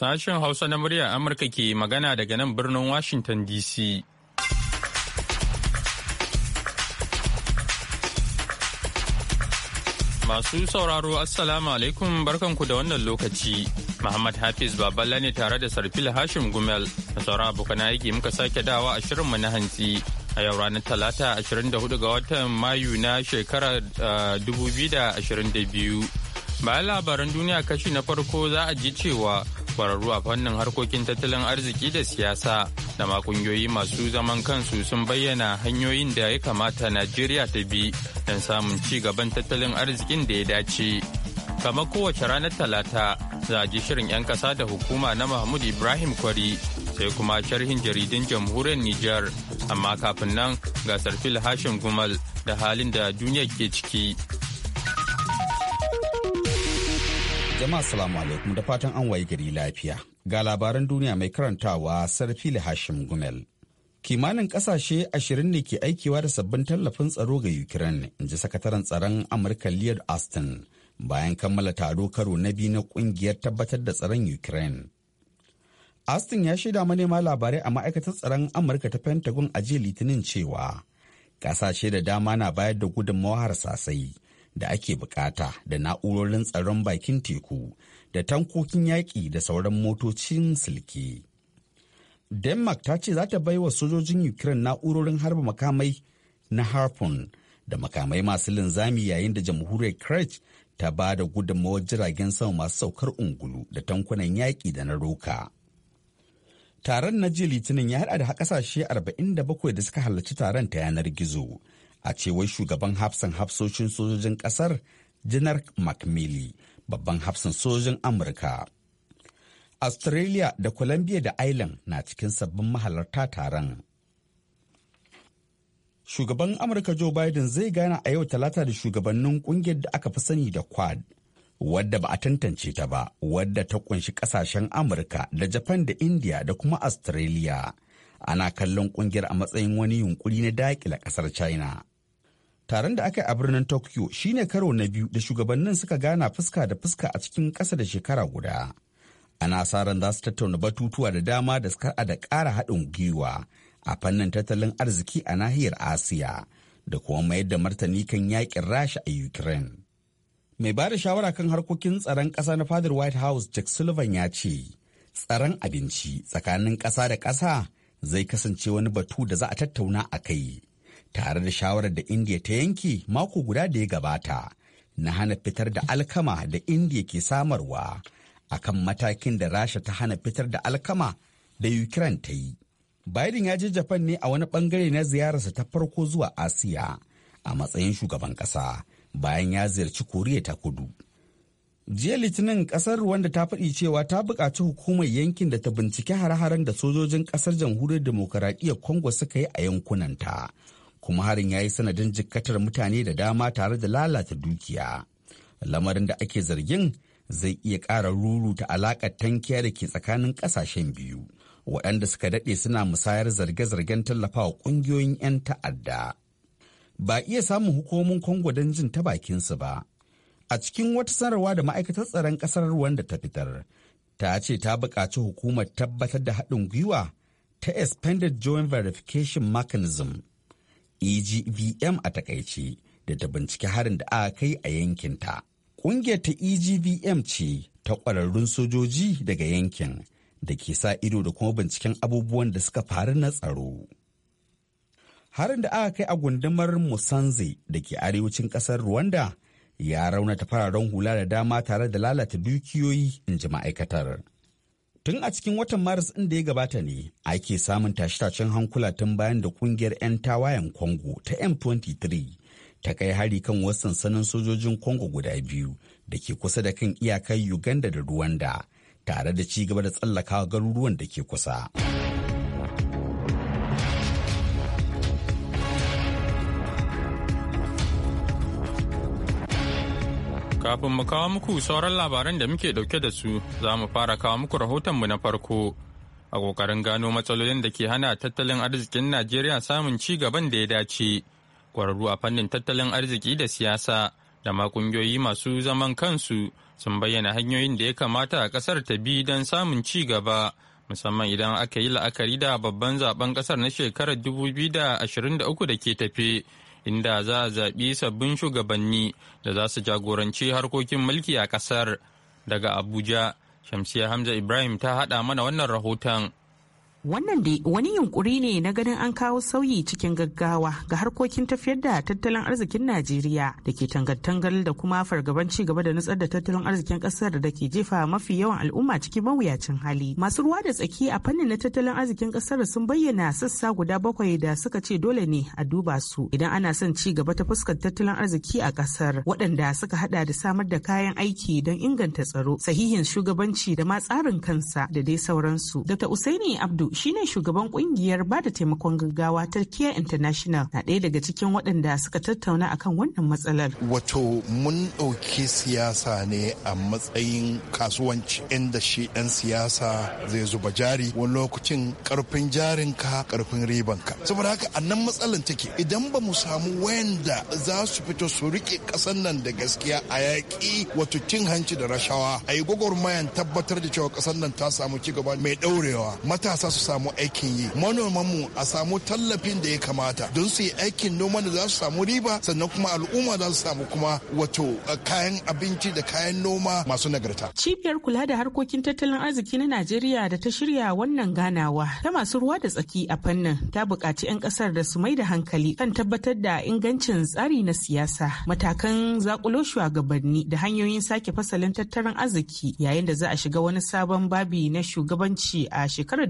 Sashen Hausa na murya Amurka ke magana daga nan birnin Washington DC. Masu sauraro Assalamu alaikum barkanku da wannan lokaci. Muhammad Hafiz Baballa ne tare da Sarfil Hashim Gumel da sauran abokan aiki muka sake dawa a mu na hantsi a yau ranar Talata 24 ga watan Mayu na shekarar 2022. Ah, Bayan labaran duniya kashi na farko za a ji cewa kwararru a fannin harkokin tattalin arziki da siyasa da ma kungiyoyi masu zaman kansu sun bayyana hanyoyin da ya kamata najeriya ta bi don samun ci gaban tattalin arzikin da ya dace kamar kowace ranar talata za a ji shirin 'yan kasa da hukuma na mahmud ibrahim kwari sai kuma sharhin jaridun jamhuriyar niger amma kafin nan gasar sarfil hashim gumal da halin da duniya ke ciki Jama'a salamu alaikum da fatan an wayi gari lafiya. Ga labaran duniya mai karantawa Sarfili Hashim Gumel. Kimanin kasashe ashirin ne ke aikiwa da sabbin tallafin tsaro ga Ukraine, in ji sakataren tsaron Amurka Lloyd Austin bayan kammala taro karo na biyu na kungiyar tabbatar da tsaron Ukraine. Austin ya shaida manema labarai a ma'aikatar tsaron Amurka ta Pentagon a jiya Litinin cewa kasashe da dama na bayar da gudunmawa gudunmawar sasai. da ake bukata da na'urorin tsaron bakin teku da tankokin yaƙi da sauran motocin silke. denmark ta ce za ta wa sojojin ukraine na'urorin harba makamai na harpoon da makamai masu linzami yayin da jamhuriyar kretch ta ba da gudunmawar jiragen sama masu saukar ungulu da tankunan yaƙi da na roka taron na jiya litinin ya haɗa da ƙasashe 47 da suka halarci taron ta yanar gizo a cewar shugaban hafsan hafsoshin sojojin kasar janar macmillan babban hafsan sojojin amurka australia da colombia da ireland na cikin sabbin mahalarta taron shugaban amurka joe biden zai gana a yau talata da shugabannin kungiyar da aka fi sani da quad wadda ba a tantance ta ba wadda ta kunshi kasashen amurka da japan da india da kuma australia ana kallon kungiyar a matsayin wani yunkuri na dakila kasar china taron da aka yi a birnin tokyo shine karo na biyu da shugabannin suka gana fuska da fuska a cikin ƙasa da shekara guda ana sa ran za su tattauna batutuwa da dama da suka da ƙara haɗin gwiwa a fannin tattalin arziki a nahiyar asiya da kuma mayar da martani kan yakin rasha a ukraine mai bada shawara kan harkokin tsaron ƙasa na fadar white house jack sullivan ya ce tsaron abinci tsakanin ƙasa da ƙasa zai kasance wani batu da za a tattauna a kai tare da shawarar da indiya ta yanke mako guda da ya gabata na hana fitar da alkama da indiya ke samarwa akan matakin da rasha ta hana fitar da alkama da ukraine ta yi biden ya je japan ne a wani bangare na ziyararsa ta farko zuwa asiya a matsayin shugaban kasa bayan ya ziyarci koriya ta kudu jiya litinin kasar wanda ta faɗi cewa ta buƙaci hukumar yankin da ta bincike har haren da sojojin kasar jamhuriyar demokaradiyyar congo suka yi a yankunanta kuma harin ya yi sanadin jikkatar mutane da dama tare da lalata dukiya lamarin da ake zargin zai iya ƙara ruruta alaƙar tankiya da ke tsakanin ƙasashen biyu waɗanda suka daɗe suna musayar zarge-zargen tallafawa ƙungiyoyin 'yan ta'adda ba iya samun hukumomin kongo don jin ta bakinsu ba a cikin wata sanarwa da ma'aikatar tsaron ƙasar wanda ta fitar ta ce ta buƙaci hukumar tabbatar da haɗin gwiwa ta expanded joint verification mechanism EGVM a takaice da ta bincike harin da aka kai a yankinta ƙungiyar ta EGVM ce ta ƙwararrun sojoji daga yankin da ke sa ido da kuma binciken abubuwan da suka faru na tsaro harin da aka kai a gundumar musanze da ke arewacin ƙasar rwanda ya rauna raunata fararen hula da dama tare da lalata dukiyoyi in ji ma'aikatar Tun a cikin watan Maris ɗin da ya gabata ne ake samun tashe-tashen hankula tun bayan da ƙungiyar 'yan tawayen Congo ta M23 ta kai hari kan wasu sansanin sojojin Congo guda biyu da ke kusa da kan iyakar Uganda da Rwanda tare da ci gaba da tsallakawa garuruwan da ke kusa. Kafin mu kawo muku sauran labaran da muke dauke da su, za mu fara kawo muku mu na farko. A kokarin gano matsalolin da ke hana tattalin arzikin Najeriya samun ci gaban da ya dace. kwararru a fannin tattalin arziki da siyasa da ma ƙungiyoyi masu zaman kansu sun bayyana hanyoyin da ya kamata a kasar ta bi don samun ci gaba. Musamman idan aka yi la'akari da babban zaben ƙasar na shekarar 2023 da ke tafe. inda za a zaɓi sabbin shugabanni da za su jagoranci harkokin mulki a ƙasar daga abuja shamsiya hamza ibrahim ta haɗa mana wannan rahoton Wannan dai wani yunkuri ne na ganin an kawo sauyi cikin gaggawa ga harkokin tafiyar da tattalin arzikin Najeriya da ke tangantangal da kuma fargaban ci gaba da nutsar da tattalin arzikin kasar da ke jefa mafi yawan al'umma cikin mawuyacin hali. Masu ruwa da tsaki a fannin na tattalin arzikin kasar sun bayyana sassa guda bakwai da suka ce dole ne a duba su idan ana son ci gaba ta fuskar tattalin arziki a kasar waɗanda suka hada da samar da kayan aiki don inganta tsaro, sahihin shugabanci da ma tsarin kansa da dai sauransu. Dr. Usaini Abdu shine shugaban kungiyar ba da taimakon gaggawa ta Care International na ɗaya daga cikin waɗanda suka tattauna akan wannan matsalar. Wato mun ɗauki siyasa ne a matsayin kasuwanci inda shi ɗan siyasa zai zuba jari wani lokacin ƙarfin jarinka ƙarfin ka Saboda haka a nan matsalar take idan ba mu samu wayanda za su fito su riƙe ƙasar nan da gaskiya a yaƙi wato cin hanci da rashawa a yi gwagwarmayan tabbatar da cewa ƙasar nan ta samu ci gaba mai ɗaurewa matasa su samu aikin yi manoman mu a samu tallafin da ya kamata don su yi aikin noman da za su samu riba sannan kuma al'umma za su samu kuma wato kayan abinci da kayan noma masu nagarta cibiyar kula da harkokin tattalin arziki na najeriya da ta shirya wannan ganawa ta masu ruwa da tsaki a fannin ta buƙaci 'yan ƙasar da su mai da hankali kan tabbatar da ingancin tsari na siyasa matakan zakulo shugabanni da hanyoyin sake fasalin tattalin arziki yayin da za a shiga wani sabon babi na shugabanci a shekarar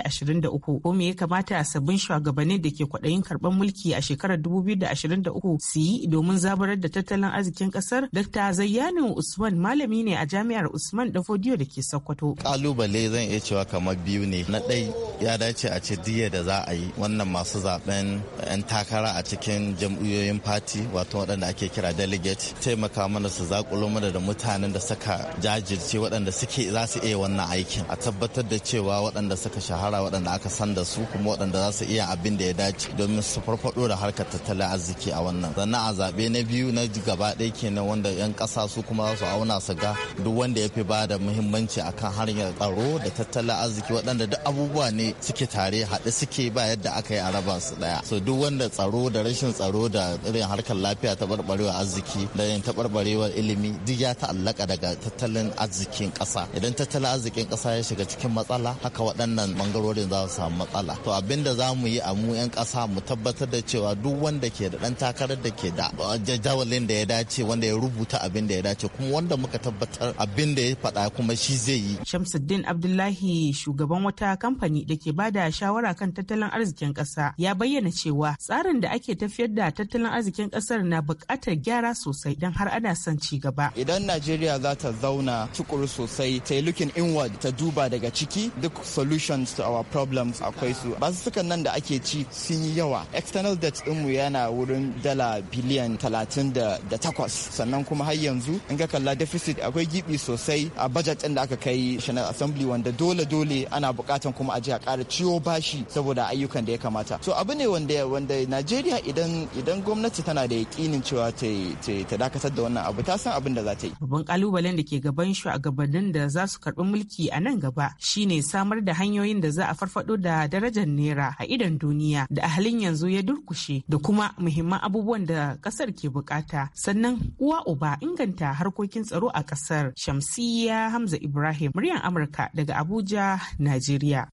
2023 ko me ya kamata a sabbin shugabannin da ke kwaɗayin karɓar mulki a shekarar 2023 su yi domin zabarar da tattalin arzikin ƙasar Dr. Zayyanu Usman malami ne a jami'ar Usman Dafodiyo da ke Sokoto. Kalubale zan iya cewa kamar biyu ne. Na ɗai ya dace a ce diya da za a yi wannan masu zaben 'yan takara a cikin jam'iyyoyin fati wato waɗanda ake kira delegate taimaka mana su zakulo mana da mutanen da suka jajirce waɗanda suke za su iya wannan aikin a tabbatar da cewa waɗanda suka shahara shahara waɗanda aka san da su kuma waɗanda za su iya abin da ya dace domin su farfaɗo da harkar tattalin arziki a wannan sannan a zaɓe na biyu na gaba ɗaya kenan wanda 'yan ƙasa su kuma za su auna su ga duk wanda ya fi ba da muhimmanci akan hanyar tsaro da tattalin arziki waɗanda duk abubuwa ne suke tare haɗe suke ba yadda aka yi a raba su ɗaya so duk wanda tsaro da rashin tsaro da irin harkar lafiya ta barbarewa arziki da yin taɓarɓarewar ilimi duk ya ta'allaka daga tattalin arzikin ƙasa idan tattalin arzikin ƙasa ya shiga cikin matsala haka waɗannan bangarorin za su samu matsala to abin da za mu yi a mu 'yan ƙasa mu tabbatar da cewa duk wanda ke da ɗan takarar da ke da jadawalin da ya dace wanda ya rubuta abin da ya dace kuma wanda muka tabbatar abin da ya faɗa kuma shi zai yi shamsuddin abdullahi shugaban wata kamfani da ke ba da shawara kan tattalin arzikin ƙasa ya bayyana cewa tsarin da ake tafiyar da tattalin arzikin ƙasar na buƙatar gyara sosai don har ana son ci gaba idan najeriya za ta zauna tukuru sosai ta yi looking inward ta duba daga ciki duk solutions to our problems akwai su basussukan nan da ake ci sun yi yawa external debt mu yana wurin dala biliyan talatin da takwas sannan kuma har yanzu in ga kalla deficit akwai gibi sosai a budget ɗin da aka kai national assembly wanda dole dole ana bukatan kuma a ji a ƙara ciwo bashi saboda ayyukan da ya kamata so abu ne wanda wanda najeriya idan idan gwamnati tana da yakinin cewa ta dakatar da wannan abu ta san abin da za ta yi babban kalubalen da ke gaban shugabannin da za su karɓi mulki a nan gaba shine samar da hanyoyin da za a farfado da darajar naira a idan duniya da a halin yanzu ya durkushe da kuma muhimman abubuwan da kasar ke bukata sannan uwa uba inganta harkokin tsaro a kasar shamsiya hamza ibrahim muryar amurka daga abuja najeriya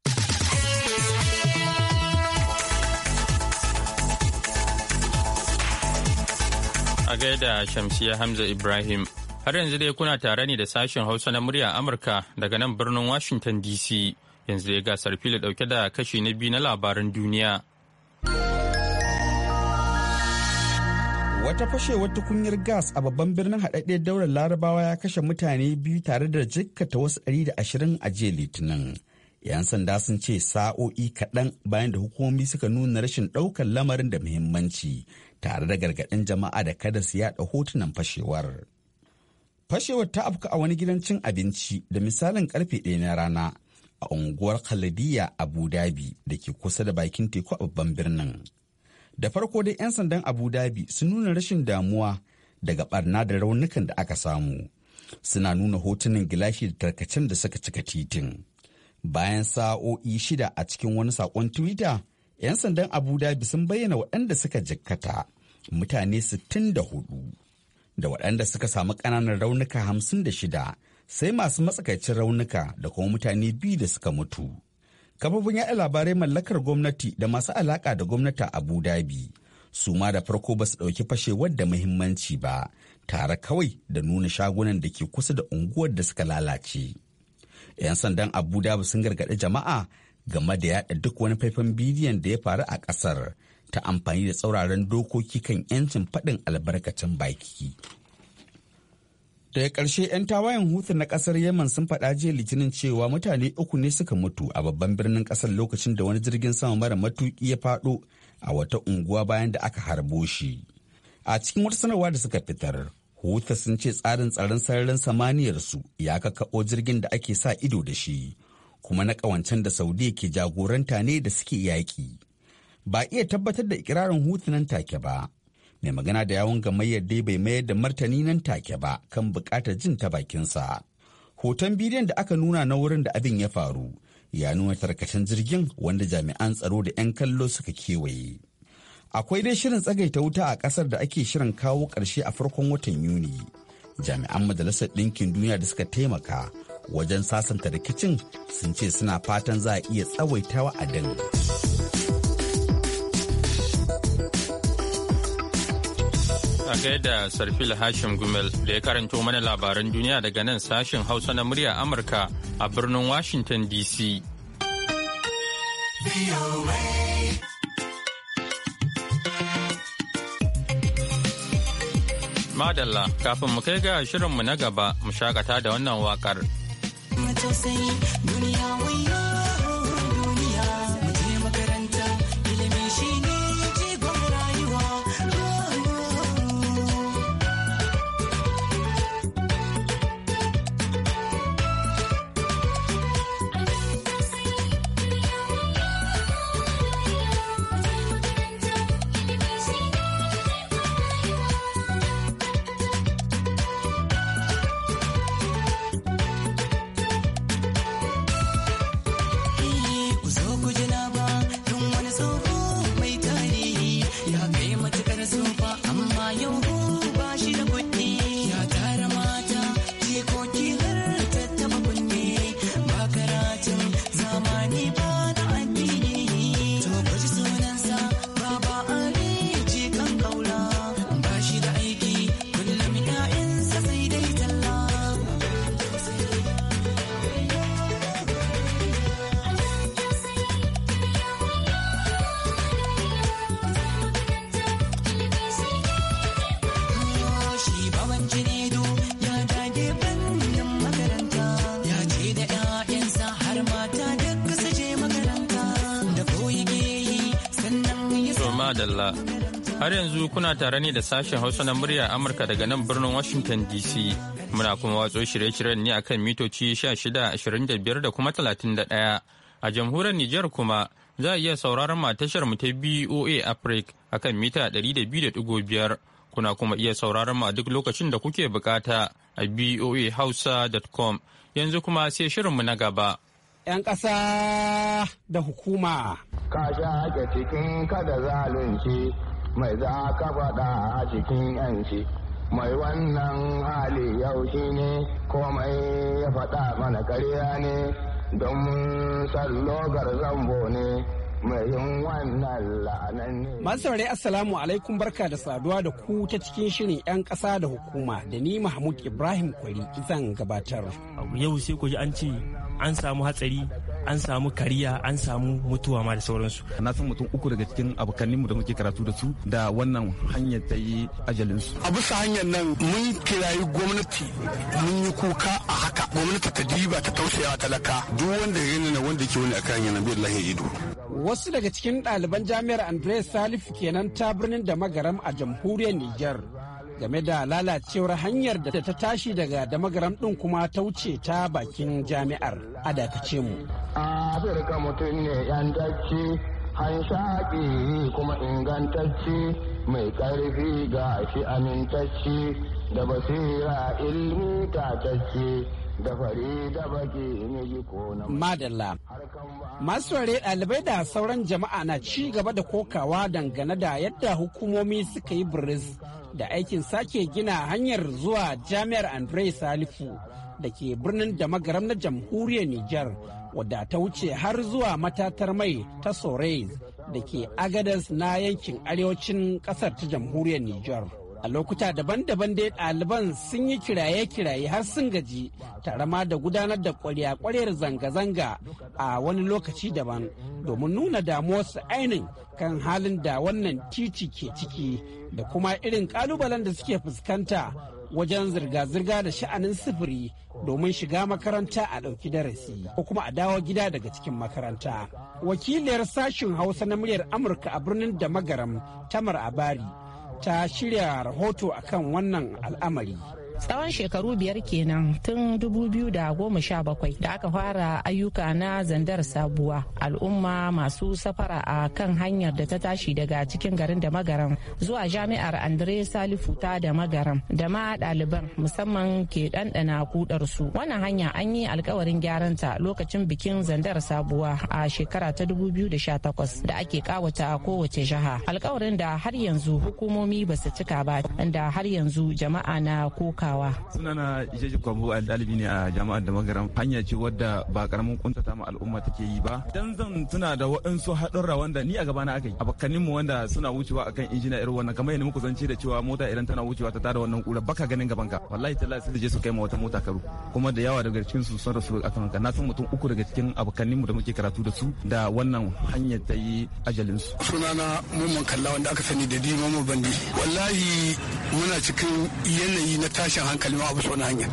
a gaida shamsiya hamza ibrahim har yanzu dai kuna tare ne da sashen hausa na murya amurka daga nan birnin washington dc yanzu ya gasar fili dauke da kashi na biyu na labaran duniya wata fashewar tukunyar gas a babban birnin haɗaɗɗiyar daular larabawa ya kashe mutane biyu tare da jikkata wasu ɗari da ashirin a jiya litinin 'yan sanda sun ce sa'o'i kaɗan bayan da hukumomi suka nuna rashin ɗaukar lamarin da muhimmanci tare da gargaɗin jama'a da kada su yaɗa hotunan fashewar fashewar ta afka a wani gidan cin abinci da misalin karfe ɗaya na rana a unguwar Khalidiya Abu Dhabi da ke kusa da bakin teku a babban birnin. Da farko dai 'yan sandan Abu Dhabi sun nuna rashin damuwa daga barna da raunukan da aka samu. Suna nuna hotunan gilashi da tarkacen da suka cika titin. Bayan sa'o'i shida a cikin wani saƙon Twitter, 'yan sandan Abu Dhabi sun bayyana waɗanda suka jikkata mutane 64. da waɗanda suka samu ƙananan raunuka hamsin sai masu matsakaicin raunuka da kuma mutane biyu da suka mutu. Kafafun yaɗa labarai mallakar gwamnati da masu alaƙa da gwamnati Abu Dhabi su ma da farko ba su ɗauki fashewar da muhimmanci ba tare kawai da nuna shagunan da ke kusa da unguwar da suka lalace. 'Yan sandan Abu Dhabi sun gargaɗi jama'a game da yaɗa duk wani faifan bidiyon da ya faru a ƙasar ta amfani da tsauraran dokoki kan 'yancin faɗin albarkacin baki daga ƙarshe 'yan tawayen hutu na ƙasar yemen sun faɗa jiya litinin cewa mutane uku ne suka mutu a babban birnin ƙasar lokacin da wani jirgin sama mara matuƙi ya faɗo a wata unguwa bayan da aka harbo shi a cikin wata sanarwa da suka fitar hutu sun ce tsarin tsaron sararin samaniyarsu ya kakkaɓo jirgin da ake sa ido da shi kuma na ƙawancen da saudi ke jagoranta ne da suke yaƙi ba iya tabbatar da ikirarin hutu nan take ba mai magana da yawon gamayyar dai bai mayar da martani nan take ba kan bukatar jin ta bakinsa hoton bidiyon da aka nuna na wurin da abin ya faru ya nuna tarkacen jirgin wanda jami'an tsaro da 'yan kallo suka kewaye akwai dai shirin tsagaita wuta a kasar da ake shirin kawo ƙarshe a farkon watan yuni jami'an majalisar ɗinkin duniya da suka taimaka wajen sasanta rikicin sun ce suna fatan za a iya tsawaitawa a Dan. A gaida Sarfil Hashim Gumel da ya karanto mana labaran duniya daga nan sashen Hausa na murya Amurka a birnin Washington DC. Madalla kafin mu kai ga shirinmu na gaba mu shakata da wannan waƙar. duniya Har yanzu kuna tare ne da sashen Hausa na murya Amurka daga nan birnin Washington DC. Muna kuma watso shirye-shiryen ne akan mitoci 1625 da kuma 31. A jamhuriyar Nijar kuma za a iya sauraron tashar mu ta BOA Africa akan mita 200.5. Kuna kuma iya sauraron mu a duk lokacin da kuke bukata a boahausa.com. Yanzu kuma sai shirin mu na gaba. 'yan ƙasa da hukuma. Ka sha cikin kada zalunci mai za ka faɗa a cikin yanci mai wannan hali yau shi ne komai ya faɗa mana karya ne don wannan zambo ne Masu saurari Assalamu alaikum barka da saduwa da ku ta cikin shirin 'yan ƙasa da hukuma da ni Mahmud Ibrahim Kwari zan gabatar. Yau sai ku ji an ce an samu hatsari an samu kariya an samu mutuwa ma da sauransu na san mutum uku daga cikin abokanninmu da muke karatu da su da wannan hanyar ta yi ajalinsu a bisa hanyar nan mun kirayi gwamnati mun yi kuka a haka gwamnati ta diba ta tausayawa talaka duk wanda ya na wanda ke wani akan yana na biyar ido wasu daga cikin ɗaliban jami'ar andres salif kenan ta birnin da magaram a jamhuriyar niger game da lalacewar hanyar da ta tashi daga damagaram ɗin kuma ta wuce ta bakin jami'ar a dakace mu. Afirka mutum ne yan dace, hanshaƙi kuma ingantacce mai ƙarfi ga shi amintacce da basira ilmi tatacce. Madalla. Masu ware ɗalibai da sauran jama'a na ci gaba da kokawa dangane da yadda hukumomi suka yi biris da aikin sake gina hanyar zuwa jami'ar andre salifu da ke birnin da magaram na jamhuriyar niger wadda ta wuce har zuwa matatar mai ta sorais da ke agadas na yankin arewacin kasar ta jamhuriyar niger a lokuta daban-daban dai ɗaliban sun yi kiraye-kiraye har sun gaji tare ma da gudanar da kwarya-kwaryar zanga-zanga a wani lokaci daban domin nuna damuwarsu ainin kan halin da wannan titi ke ciki da kuma irin ƙalubalen da suke fuskanta wajen zirga-zirga da sha'anin sufuri domin shiga makaranta a ɗauki darasi ko kuma a dawo gida daga cikin makaranta. Wakiliyar sashen Hausa na muryar Amurka a birnin da magaram Tamar Abari ta shirya rahoto akan wannan al'amari Tsawon shekaru biyar kenan tun 2017 da aka fara ayyuka na zandar sabuwa al'umma masu safara a kan hanyar da ta tashi daga cikin garin da magaran zuwa jami'ar andre salifu ta da magaran da ma ɗaliban musamman ke ɗanɗana su wannan hanya an yi alkawarin gyaran ta lokacin bikin zandar sabuwa a shekara ta 2018 da ake kawata kowace jiha alkawarin da har yanzu hukumomi ba su cika ba inda har yanzu jama'a na kuka. kokawa. Sunana Ijeji Kwambo dalibi ne a jama'ar da magaran hanya ce wadda ba karamin kuntata ma al'umma take yi ba. Dan zan tuna da waɗansu haɗurra wanda ni a gabana aka yi. Abokanin mu wanda suna wucewa akan injina irin wannan kamar yadda muku zance da cewa mota idan tana wucewa ta tada wannan kura baka ganin gaban ka. Wallahi ta sai da je su kai ma wata mota karu. Kuma da yawa daga cikin su sun rasu akan ka Na san mutum uku daga cikin abokanin mu da muke karatu da su da wannan hanyar ta yi ajalin su. Sunana Mamman Kalla wanda aka sani da Dima bandi Wallahi muna cikin yanayi na tashi tashin hankali ma abu so na hanyar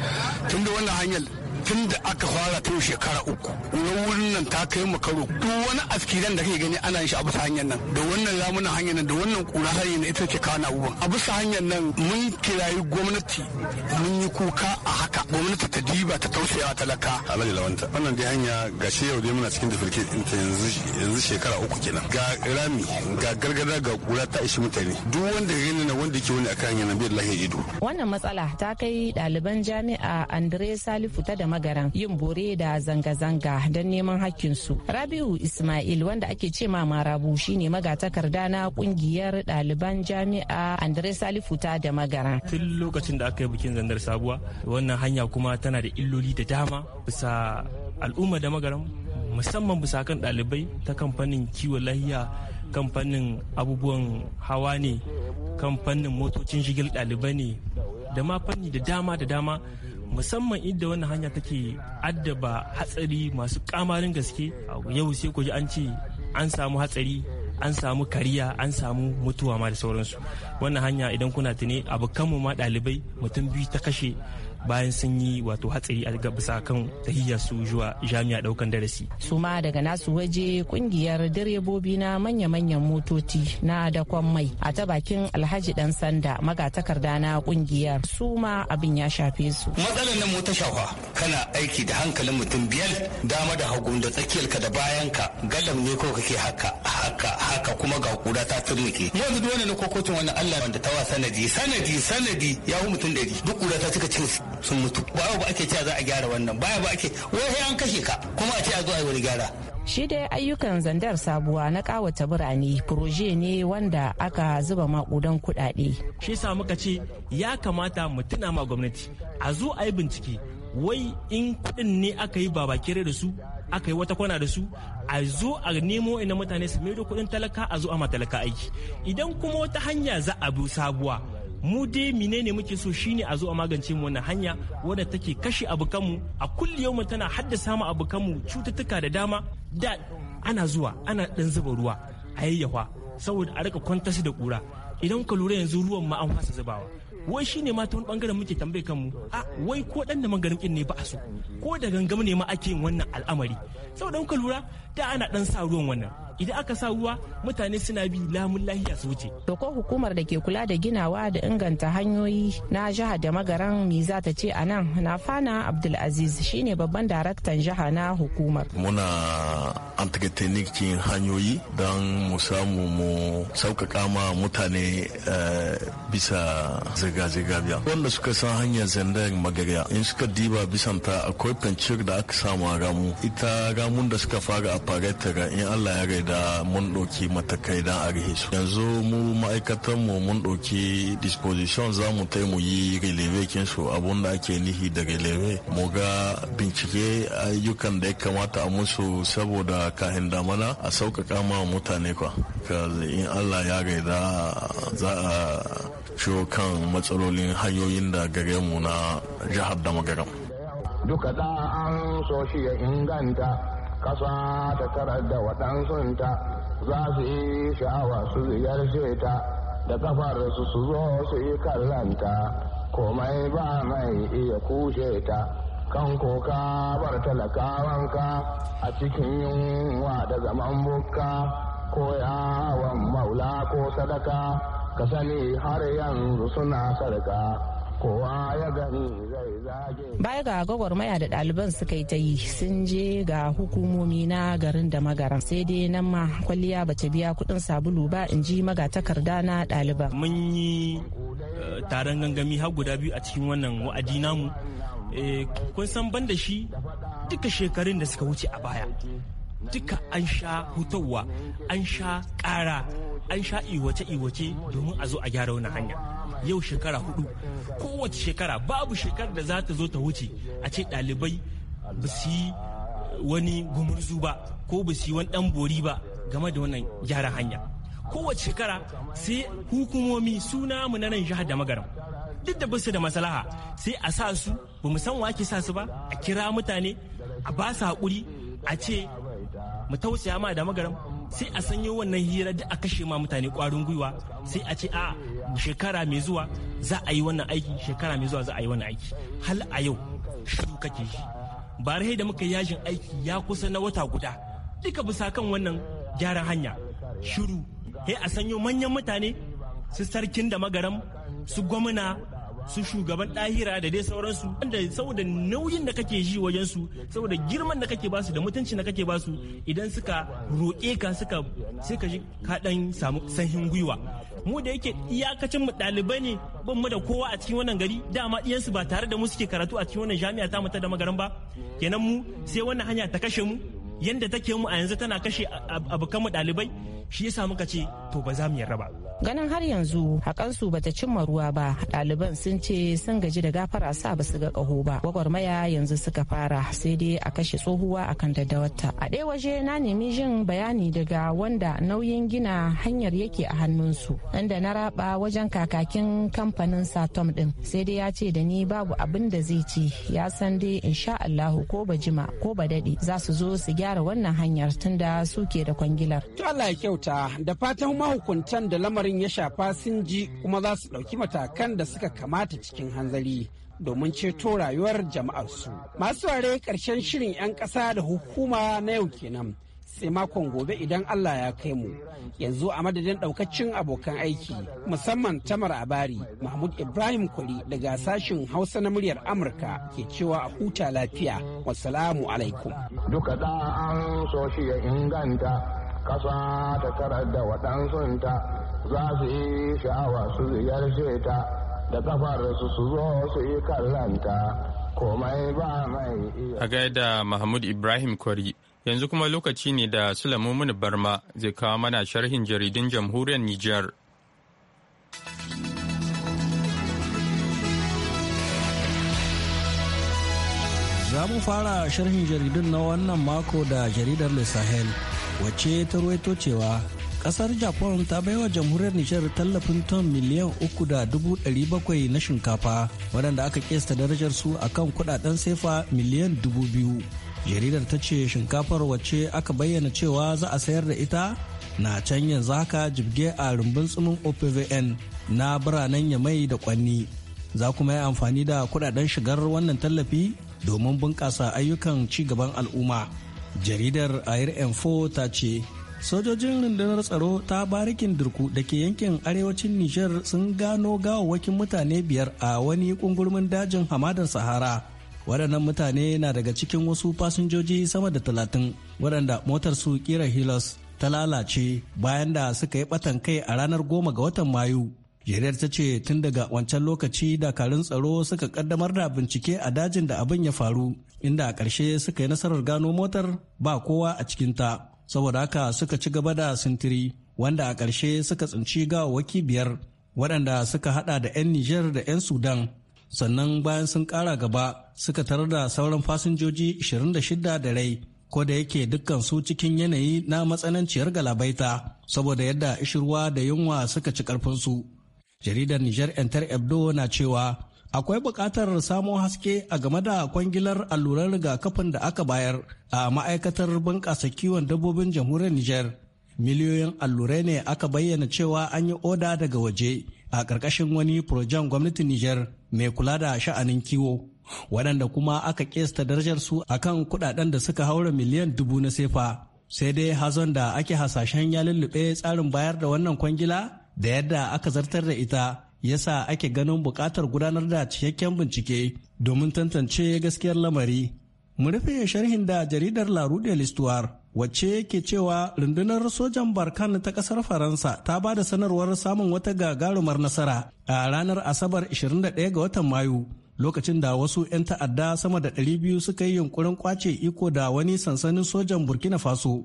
tun da wannan hanyar tun da aka fara tun shekara uku wurin nan ta kai mu karo duk wani askiran da kake gani ana yin shi a bisa hanyar nan da wannan ramunan hanyar nan da wannan kura hanyar nan ita ce kawo na abubuwan a bisa hanyar nan mun kirayi gwamnati mun yi kuka a haka gwamnati ta diba ta tausayawa talaka alhaji lawanta wannan dai hanya ga shi yau dai muna cikin dafirke ta yanzu yanzu shekara uku kenan ga rami ga gargada ga kura ta ishi mutane duk wanda ya gani na wanda ke wani akan hanyar nan bai lahi ido wannan matsala ta kai ɗaliban jami'a andre salifu ta da magaran yin bore da zanga-zanga don neman hakkinsu. Rabiu Ismail wanda ake ce ma Marabu shine magatakarda na kungiyar ɗaliban jami'a Andre Salifu ta da magaran. Tun lokacin da aka yi bikin zandar sabuwa wannan hanya kuma tana da illoli da dama bisa al'umma da magaran musamman bisa kan ɗalibai ta kamfanin kiwon lahiya kamfanin abubuwan hawa ne kamfanin motocin shigil ɗalibai ne da ma fanni da dama da dama musamman inda wannan hanya take addaba hatsari masu kamarin gaske yau sai ku ji an ce an samu hatsari an samu kariya an samu mutuwa ma da sauransu wannan hanya idan kuna tuni kanmu ma ɗalibai mutum biyu ta kashe bayan sun yi wato hatsari a ga bisa kan tahiyar su zuwa jami'a daukan darasi su ma daga nasu waje kungiyar direbobi na manya-manyan motoci na dakon mai a ta bakin alhaji dan sanda magatakarda na kungiyar su ma abin ya shafe su matsalar nan mota shafa kana aiki da hankalin mutum biyar dama da hagu da tsakiyar ka da bayan ka galam ne ko kake haka haka haka kuma ga kura ta turmuke yanzu duk wani na kokocin wannan Allah wanda ta wa sanadi sanadi sanadi ya hu mutum ɗari duk kura ta cika cikin sun mutu ba ba ake cewa za a gyara wannan baya ba ake wai an kashe ka kuma a ce a zo a yi wani gyara shi dai ayyukan zandar sabuwa na kawata birane proje ne wanda aka zuba makudan kudade shi sa muka ce ya kamata mu tuna ma gwamnati a zo a yi bincike wai in kudin ne aka yi babakire da su aka yi wata kwana da su a zo a nemo ina mutane su maido kudin talaka a zo a matalaka aiki idan kuma wata hanya za a bi sabuwa mu dai ne muke so shine a zo a magance mu wannan hanya wadda take kashe abokanmu a kulli yau tana haddasa mu abokanmu cututtuka da dama da ana zuwa ana dan zuba ruwa a yayyafa saboda a rika kwantar da kura idan ka lura yanzu ruwan ma an fasa zubawa wai shine ma ta wani bangaren muke tambaye kanmu a wai ko dan da kin ne ba a so ko da gangam ne ma ake yin wannan al'amari saboda ka lura da ana dan sa ruwan wannan idan aka sa ruwa mutane suna bi lamun lahiya su wuce to hukumar da ke kula da ginawa da inganta hanyoyi na jiha da magaran me za ta ce a nan na fana abdulaziz shine babban daraktan jiha na hukumar muna antagatanic hanyoyi don mu samu mu sauƙaƙa ma mutane eh, bisa zirga-zirga biya wanda suka san hanyar zandar magariya in suka diba bisanta akwai fancir da aka samu a ramu ita ramun da suka fara a faraitara in allah ya rai da mun ɗauki matakai don a rihe su yanzu mu ma'aikatan mu mun ɗauki disposition za mu tai mu yi releve kinsu abun da ake nihi da releve mu ga bincike ayyukan da ya kamata a musu saboda kahin damana a sauƙaƙa ma mutane kwa in allah ya gaida za a ciwo kan matsalolin hanyoyin da gare mu na jihar da magaram duka da an so shi ya inganta ƙasa ta tarar da waɗansunta za su yi sha'awa su ziyarce ta da kafar su zo su yi kallanta komai ba mai iya kushe ta kan koka bar talakawanka a cikin yunwa da zaman bukka ko yawon maula ko sadaka ka sani har yanzu suna sarka. kowa ya gani mm. zai zage. Baya ga gwagwarmaya da ɗaliban suka yi ta yi sun je ga hukumomi na garin da magaran sai dai nan ma kwalliya bata biya kuɗin sabulu ba in ji magatakarda na ɗaliban. Mun yi eh, taron gangami har guda biyu a cikin wannan wa'adi namu eh, kun san ban da shi duka shekarun da suka wuce a baya duka an sha hutawa an sha ƙara an sha iwace-iwace domin a zo a gyara wani hanya yau shekara hudu kowace shekara babu shekarar da za ta zo ta wuce a ce dalibai ba su yi eh, wani gumurzu ba ko ba su yi wani ɗan bori ba game da wannan gyara hanya kowace shekara sai hukumomi suna mu na nan jihar da magaram duk da basu da maslaha sai a sa su ba mu san wake sa su ba a kira mutane a ba su haƙuri a ce mu tausaya ma da magaram sai a sanyo wannan hira da a kashe ma mutane kwarin gwiwa sai a ce a shekara mai zuwa za a yi wannan aiki shekara mai zuwa za a yi wannan aiki hal a yau shiru kake shi ba da muka yajin aiki ya kusa na wata guda duka bisa kan wannan gyaran hanya shiru sai a sanyo manyan mutane su sarkin da magaram su gwamna su shugaban ɗahira da dai sauransu wanda saboda nauyin da kake ji wajen su saboda girman da kake basu da mutunci da kake basu idan suka roƙe ka suka sai ka ji ka dan samu sahin gwiwa mu da yake iyakacin mu ɗalibai ne ban mu da kowa a cikin wannan gari dama ɗiyansu ba tare da mu suke karatu a cikin wannan jami'a ta mu ta da magaran ba kenan mu sai wannan hanya ta kashe mu yanda take mu a yanzu tana kashe abokan mu ɗalibai shi yasa muka ce to ba za mu yarda ba ganin har yanzu hakansu bata cimma ruwa ba ɗaliban sun ce sun gaji da gafara sa ba su ga ƙaho ba gwagwarmaya yanzu suka fara sai dai a kashe tsohuwa akan daddawarta a ɗaya waje na nemi jin bayani daga wanda nauyin gina hanyar yake a hannunsu inda na raba wajen kakakin kamfanin satom din sai dai ya ce da ni babu abin da zai ci ya san dai insha Allahu ko ba jima ko ba daɗe za su zo su gyara wannan hanyar tunda suke da kwangilar. To Allah ya kyauta da fatan mahukuntan da lamarin lamarin ya shafa sun ji kuma za su ɗauki matakan da suka kamata cikin hanzari domin ceto rayuwar jama'arsu. Masu ware karshen shirin 'yan ƙasa da hukuma na yau kenan. sai makon gobe idan Allah ya kai mu yanzu a madadin daukacin abokan aiki musamman tamar abari mahmud ibrahim kuli daga sashin hausa na muryar amurka ke cewa a huta lafiya wasalamu alaikum duka da an so ya inganta ƙasa ta tarar da waɗansunta za su yi sha'awa su ziyarce ta da ƙafarsu su zo su yi kallanta komai ba mai iya. A gaida Mahmud Ibrahim Kwari yanzu kuma lokaci ne da Sulaimun Barma zai kawo mana sharhin jaridun jamhuriyar Nijar. Za mu fara sharhin jaridun na wannan mako da jaridar Le Sahel. wacce ta ruwaito cewa kasar japan ta baiwa jamhuriyar nijar tallafin ton miliyan uku da dubu dari bakwai na shinkafa waɗanda aka kesta darajar su akan kudaden sefa miliyan dubu biyu jaridar ta ce shinkafar wace aka bayyana cewa za a sayar da ita na can yanzu haka jibge a rumbun tsumin opvn na biranen yamai da kwanni za kuma yi amfani da kudaden shigar wannan tallafi domin bunƙasa ayyukan ci gaban al'umma jaridar air info ta ce sojojin rundunar tsaro ta barikin durku da ke yankin arewacin nijar sun gano gawawwakin mutane biyar a wani kungurmin dajin hamadar sahara waɗannan mutane na daga cikin wasu fasinjoji sama da talatin waɗanda motarsu kira hilas ta lalace bayan da suka yi ɓatan kai a ranar goma ga watan mayu jaridar ta ce tun daga wancan lokaci dakarun tsaro suka kaddamar da bincike a dajin da abin ya faru inda a ƙarshe suka yi nasarar gano motar ba kowa a cikinta saboda haka suka ci gaba da sintiri wanda a ƙarshe suka tsinci gawawwaki biyar waɗanda suka hada da 'yan Nijar da 'yan Sudan sannan bayan sun ƙara gaba suka tarar da sauran fasinjoji 26 da rai ko da yake dukkan su cikin yanayi na matsananciyar galabaita saboda yadda ishirwa da yunwa suka ci ƙarfinsu. jaridar Nijar Entar Ebdo na cewa akwai buƙatar samo haske a game da kwangilar alluran rigakafin da aka bayar a ma'aikatar bunƙasa kiwon dabbobin jamhuriyar Nijar. Miliyoyin allurai ne aka bayyana cewa an yi oda daga waje a ƙarƙashin wani furojen gwamnatin Nijar mai kula da sha'anin kiwo. waɗanda kuma aka ƙesta darajar su akan kuɗaɗen da suka haura miliyan dubu na sefa sai dai hazon da ake hasashen ya lullube tsarin bayar da wannan kwangila da yadda aka zartar da ita yasa ake ganin buƙatar gudanar da cikakken bincike domin tantance gaskiyar lamari. Mu rufe sharhin da jaridar La Rue de wacce ke cewa rundunar sojan barkan ta ƙasar faransa ta ba da sanarwar samun wata gagarumar nasara a ranar asabar 21 ga watan mayu lokacin da wasu 'yan ta'adda sama da 200 suka yi yunkurin kwace iko da wani sansanin sojan burkina faso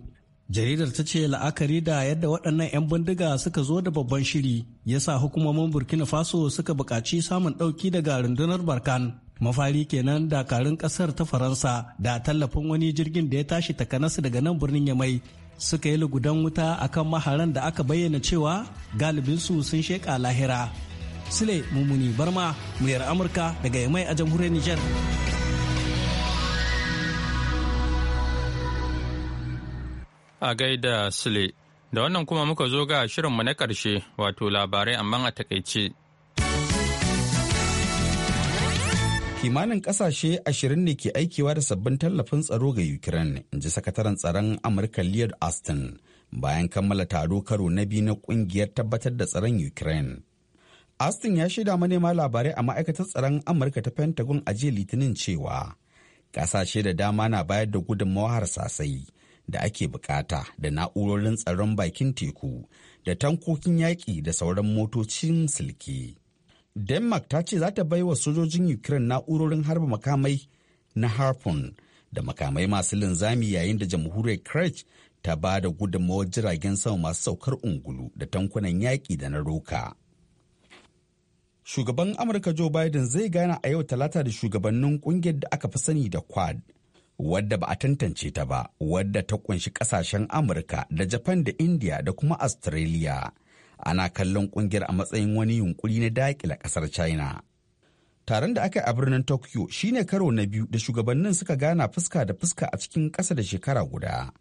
jaridar ta ce la'akari da yadda waɗannan 'yan bindiga suka zo da babban shiri ya sa hukumomin burkina faso suka buƙaci samun ɗauki daga rundunar barkan mafari kenan dakarun ƙasar ta faransa da tallafin wani jirgin da ya tashi takanasu daga nan birnin yamai suka yi lugudan wuta akan maharan da aka bayyana cewa galibinsu sun sheƙa lahira sule mummuni barma muyar amurka daga yamai a jamhuriyar niger A gaida Sule, da wannan kuma muka zo ga shirinmu na ƙarshe wato labarai amma a takaice. Kimanin ƙasashe ashirin ne ke aikewa da sabbin tallafin tsaro ga Ukraine, in ji sakataren tsaron Amurka Lloyd Austin bayan kammala taro karo na biyu na ƙungiyar tabbatar da tsaron Ukraine. Austin ya shaida manema labarai a ma'aikatar tsaron Amurka ta Pentagon a jiya Litinin cewa ƙasashe da dama na bayar da gudunmawa harsasai sasai da ake bukata da na'urorin tsaron bakin teku da tankokin yaƙi da sauran motocin silke. denmark ta ce za ta bai wa sojojin ukraine na'urorin harba makamai na harpoon da makamai masu linzami yayin da jamhuriyar kretch ta ba da gudunmawar jiragen sama masu saukar ungulu da tankunan yaƙi da na roka. Shugaban Amurka Joe Biden zai gana a yau talata da shugabannin kungiyar da aka fi sani da Quad wadda ba a tantance ta ba wadda ta kunshi kasashen amurka da japan da Indiya da kuma australia ana kallon kungiyar a matsayin wani yunkuri na daƙila ƙasar china taron da aka yi a birnin tokyo shine karo na biyu da shugabannin suka gana fuska da fuska a cikin ƙasa da shekara guda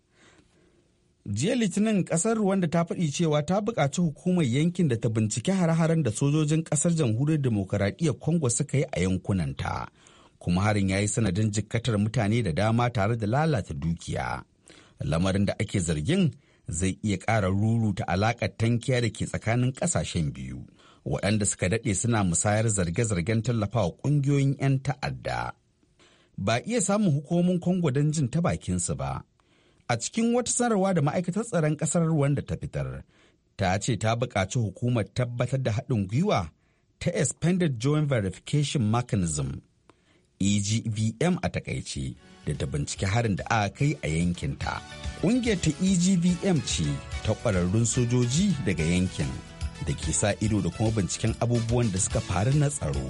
jiya litinin kasar rwanda ta faɗi cewa ta buƙaci hukumar yankin da ta binciki har-haren da sojojin ƙasar jamhuriyar demokaradiyyar congo suka yi a yankunanta kuma harin ya yi sanadin jikkatar mutane da dama tare da lalata dukiya lamarin da ake zargin zai iya ƙara ruruta alaƙar tankiya da ke tsakanin ƙasashen biyu waɗanda suka daɗe suna musayar zarge-zargen tallafawa ƙungiyoyin 'yan ta'adda ba iya samun hukumomin kongo don jin ta bakinsu ba a cikin wata sanarwa da ma'aikatar tsaron ƙasar wanda ta fitar ta ce ta buƙaci hukumar tabbatar da haɗin gwiwa ta expanded joint verification mechanism egbm a takaice da ta binciki harin da aka kai a yankinta ƙungiyar ta egbm ce ta ƙwararrun sojoji daga yankin da ke sa ido da kuma binciken abubuwan da suka faru na tsaro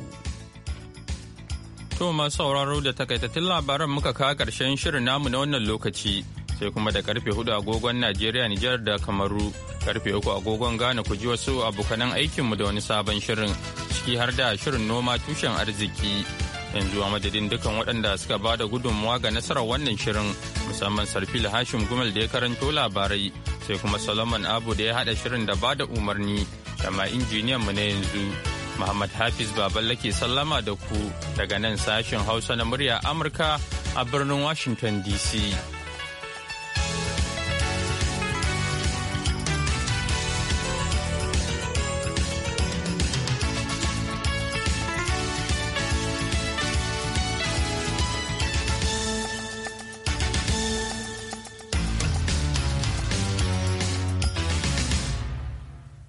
to masu sauraro da takaitattun labaran muka kawo karshen shirin namu na wannan lokaci sai kuma da karfe hudu agogon najeriya nijar da kamaru karfe uku agogon ghana ku ji wasu abokanan aikinmu da wani sabon shirin ciki har da shirin noma tushen arziki yanzu a madadin dukan waɗanda suka ba da gudunmawa ga nasarar wannan shirin musamman sarfil hashim gumel da ya karanto labarai sai kuma solomon abu da ya haɗa shirin da ba da umarni da ma injiniyan mu na yanzu muhammad hafiz baballe ke sallama da ku daga nan sashen hausa na murya amurka a birnin washington dc